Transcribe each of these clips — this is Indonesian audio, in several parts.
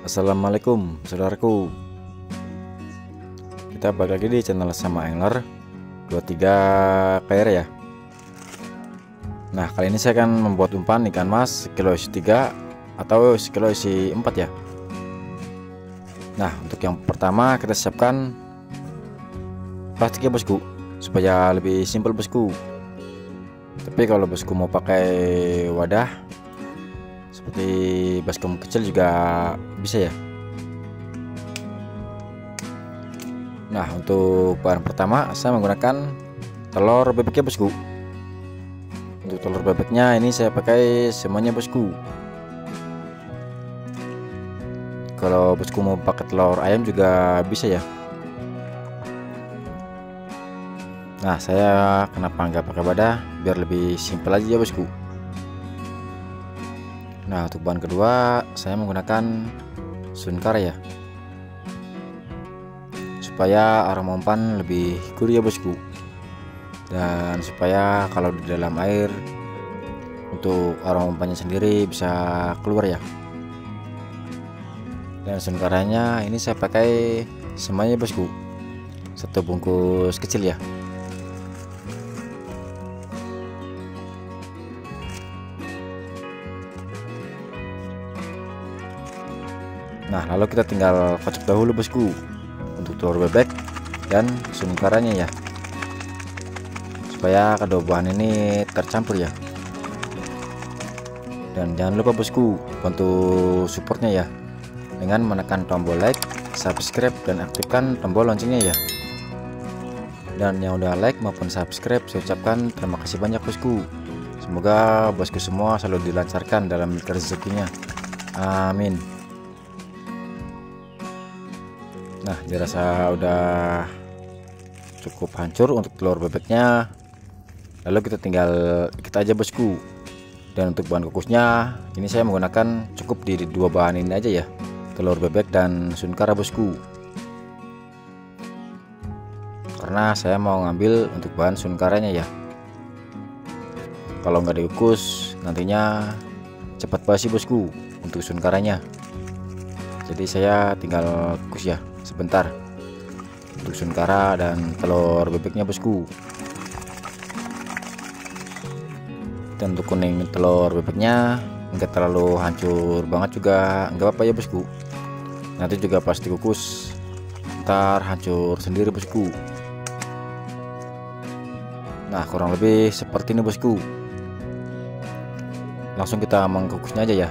Assalamualaikum saudaraku Kita balik lagi di channel sama angler 23 KR ya Nah kali ini saya akan membuat umpan ikan mas kilo isi 3 atau kilo isi 4 ya Nah untuk yang pertama kita siapkan plastiknya bosku supaya lebih simpel bosku tapi kalau bosku mau pakai wadah seperti baskom kecil juga bisa ya nah untuk bahan pertama saya menggunakan telur bebeknya bosku untuk telur bebeknya ini saya pakai semuanya bosku kalau bosku mau pakai telur ayam juga bisa ya nah saya kenapa nggak pakai wadah biar lebih simpel aja ya bosku Nah, untuk bahan kedua saya menggunakan Sunkar ya. Supaya aroma umpan lebih gurih ya bosku. Dan supaya kalau di dalam air untuk aroma umpannya sendiri bisa keluar ya. Dan sunkaranya ini saya pakai semuanya bosku. Satu bungkus kecil ya. Nah lalu kita tinggal kocok dahulu bosku Untuk telur bebek dan sumkaranya ya Supaya kedua bahan ini tercampur ya Dan jangan lupa bosku bantu supportnya ya Dengan menekan tombol like, subscribe, dan aktifkan tombol loncengnya ya dan yang udah like maupun subscribe saya ucapkan terima kasih banyak bosku semoga bosku semua selalu dilancarkan dalam rezekinya amin Nah, dirasa udah cukup hancur untuk telur bebeknya. Lalu kita tinggal kita aja bosku. Dan untuk bahan kukusnya, ini saya menggunakan cukup di dua bahan ini aja ya. Telur bebek dan sunkara bosku. Karena saya mau ngambil untuk bahan sunkaranya ya. Kalau nggak dikukus, nantinya cepat basi bosku untuk sunkaranya. Jadi saya tinggal kukus ya sebentar dusun kara dan telur bebeknya bosku dan untuk kuning telur bebeknya enggak terlalu hancur banget juga enggak apa-apa ya bosku nanti juga pasti kukus ntar hancur sendiri bosku nah kurang lebih seperti ini bosku langsung kita mengkukusnya aja ya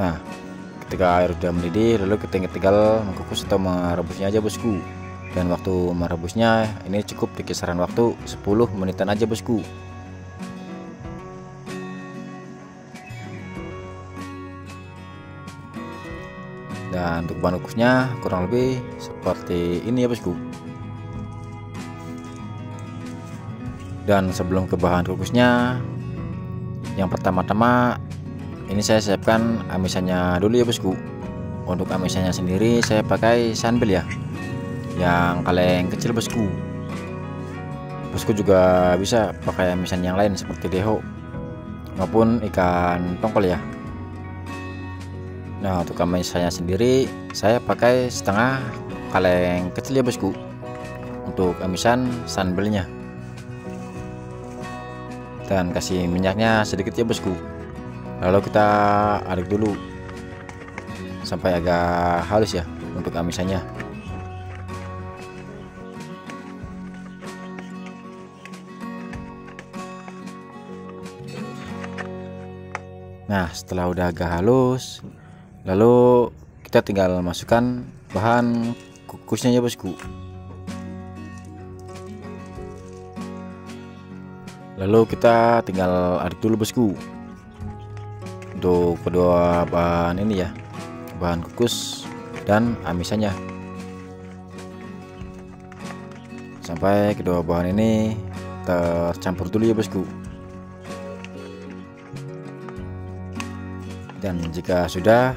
nah ketika air sudah mendidih lalu kita tinggal mengukus atau merebusnya aja bosku dan waktu merebusnya ini cukup di kisaran waktu 10 menitan aja bosku dan untuk bahan kukusnya kurang lebih seperti ini ya bosku dan sebelum ke bahan kukusnya yang pertama-tama ini saya siapkan amisannya dulu ya bosku untuk amisannya sendiri saya pakai sunbel ya yang kaleng kecil bosku bosku juga bisa pakai amisan yang lain seperti deho maupun ikan tongkol ya nah untuk amisannya sendiri saya pakai setengah kaleng kecil ya bosku untuk amisan sunbelnya dan kasih minyaknya sedikit ya bosku lalu kita aduk dulu sampai agak halus ya untuk amisannya Nah setelah udah agak halus Lalu kita tinggal masukkan bahan kukusnya ya bosku Lalu kita tinggal aduk dulu bosku untuk kedua bahan ini ya bahan kukus dan amisannya sampai kedua bahan ini tercampur dulu ya bosku dan jika sudah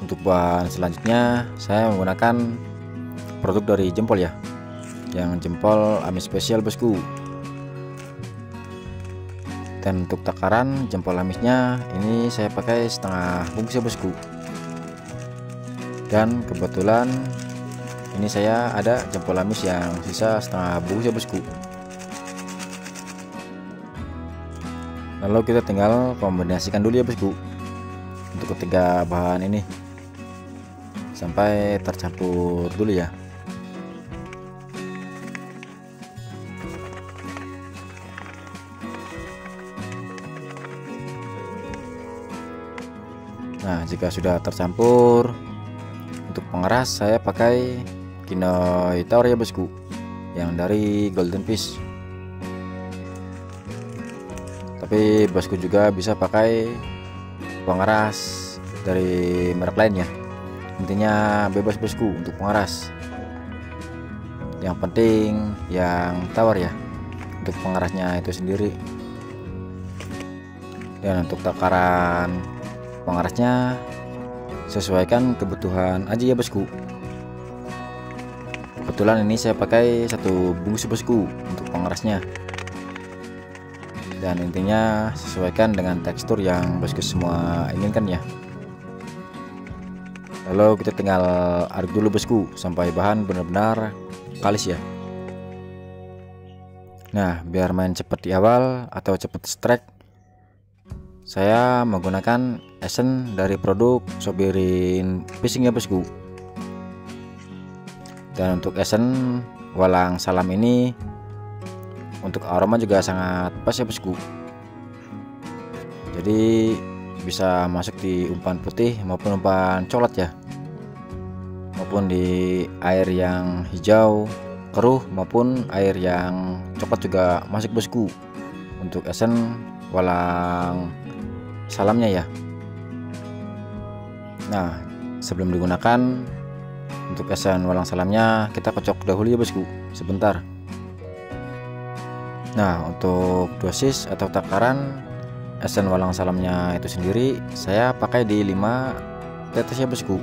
untuk bahan selanjutnya saya menggunakan produk dari jempol ya yang jempol amis spesial bosku dan untuk takaran jempol amisnya ini saya pakai setengah bungkus ya bosku dan kebetulan ini saya ada jempol amis yang sisa setengah bungkus ya bosku lalu kita tinggal kombinasikan dulu ya bosku untuk ketiga bahan ini sampai tercampur dulu ya nah jika sudah tercampur untuk pengeras saya pakai Tower ya bosku yang dari Golden Fish tapi bosku juga bisa pakai pengeras dari merek lain ya intinya bebas bosku untuk pengeras yang penting yang Tower ya untuk pengerasnya itu sendiri dan untuk takaran Pengerasnya sesuaikan kebutuhan aja ya bosku kebetulan ini saya pakai satu bungkus bosku untuk pengerasnya. dan intinya sesuaikan dengan tekstur yang bosku semua inginkan ya lalu kita tinggal aduk dulu bosku sampai bahan benar-benar kalis ya Nah, biar main cepat di awal atau cepat strike, saya menggunakan Esen dari produk sobirin fishing ya bosku dan untuk Esen walang salam ini untuk aroma juga sangat pas ya bosku jadi bisa masuk di umpan putih maupun umpan coklat ya maupun di air yang hijau keruh maupun air yang coklat juga masuk bosku untuk esen walang salamnya ya Nah, sebelum digunakan untuk esen walang salamnya kita kocok dahulu ya bosku, sebentar. Nah, untuk dosis atau takaran esen walang salamnya itu sendiri saya pakai di 5 tetes ya bosku.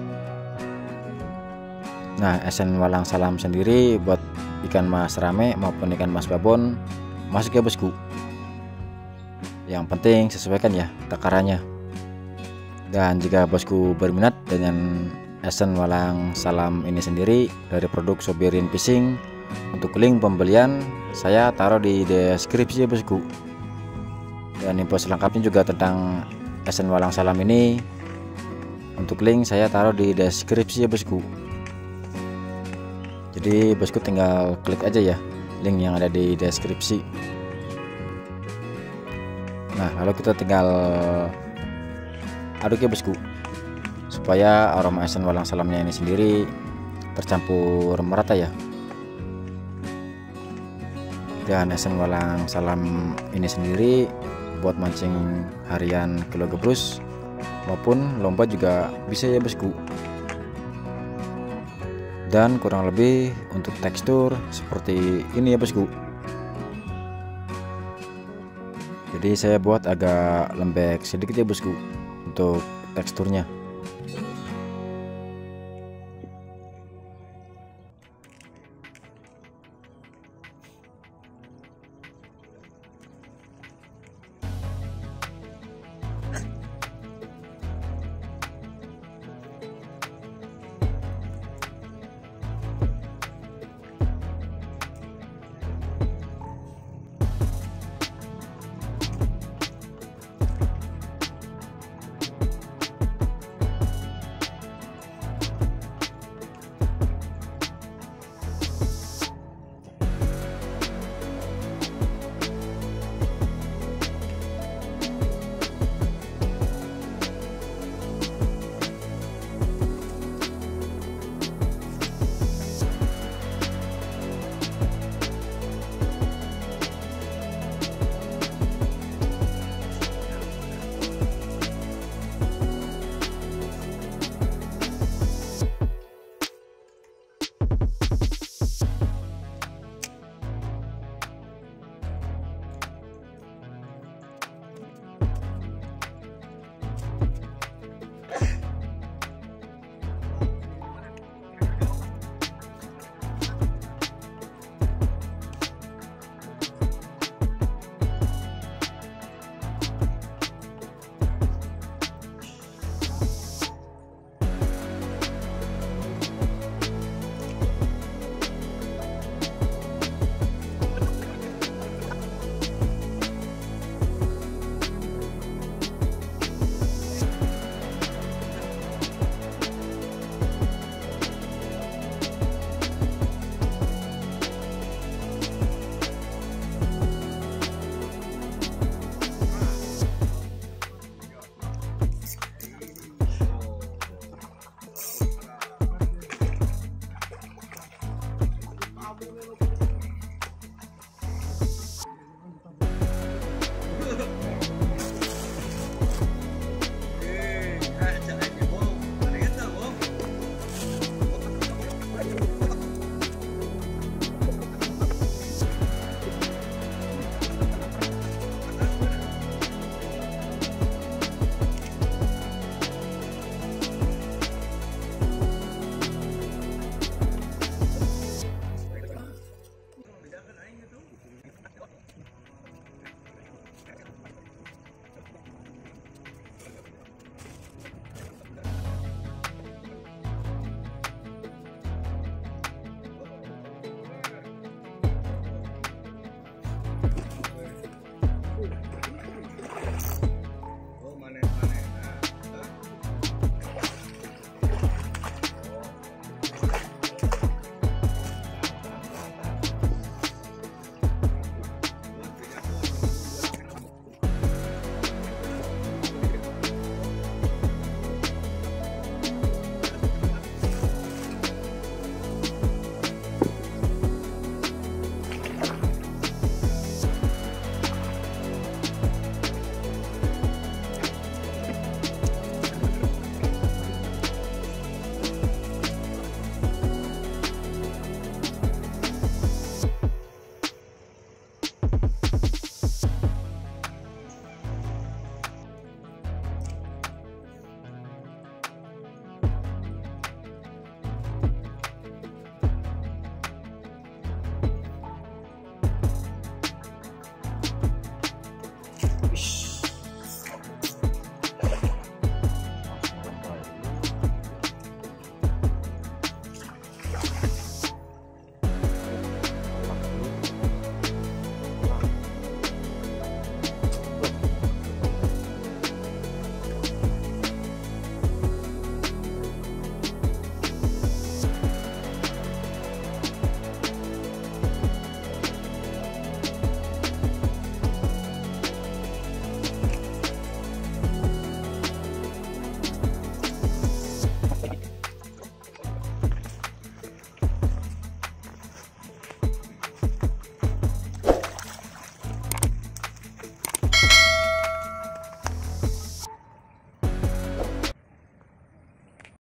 Nah, esen walang salam sendiri buat ikan mas rame maupun ikan mas babon masuk ya bosku. Yang penting sesuaikan ya takarannya. Dan jika bosku berminat dengan esen walang salam ini sendiri dari produk Sobirin Fishing, untuk link pembelian saya taruh di deskripsi ya bosku. Dan info selengkapnya juga tentang esen walang salam ini untuk link saya taruh di deskripsi ya bosku. Jadi bosku tinggal klik aja ya link yang ada di deskripsi. Nah, lalu kita tinggal aduk ya bosku supaya aroma esen walang salamnya ini sendiri tercampur merata ya dan esen walang salam ini sendiri buat mancing harian kilo gebrus maupun lomba juga bisa ya bosku dan kurang lebih untuk tekstur seperti ini ya bosku jadi saya buat agak lembek sedikit ya bosku untuk teksturnya